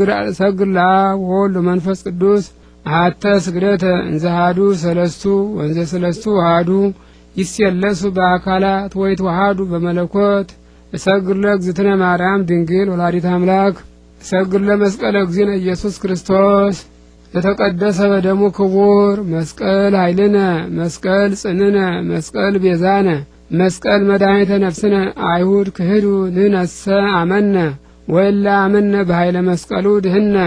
ሰግድ ሰግላ ወሎ መንፈስ ቅዱስ አተ ስግደተ እንዘሃዱ ሰለስቱ ወንዘ ሰለስቱ አሐዱ ይሴለሱ በአካላት ወይትወሐዱ በመለኮት እሰግድ ለእግዝእትነ ማርያም ድንግል ወላዲተ አምላክ እሰግድ መስቀል እግዚእነ ኢየሱስ ክርስቶስ ለተቀደሰ በደሙ ክቡር መስቀል ኃይልነ መስቀል ጽንነ መስቀል ቤዛነ መስቀል መድኃኒተ ነፍስነ አይሁድ ክህዱ ንነሰ አመነ ወላ አመነ በኃይለ መስቀሉ ድህነ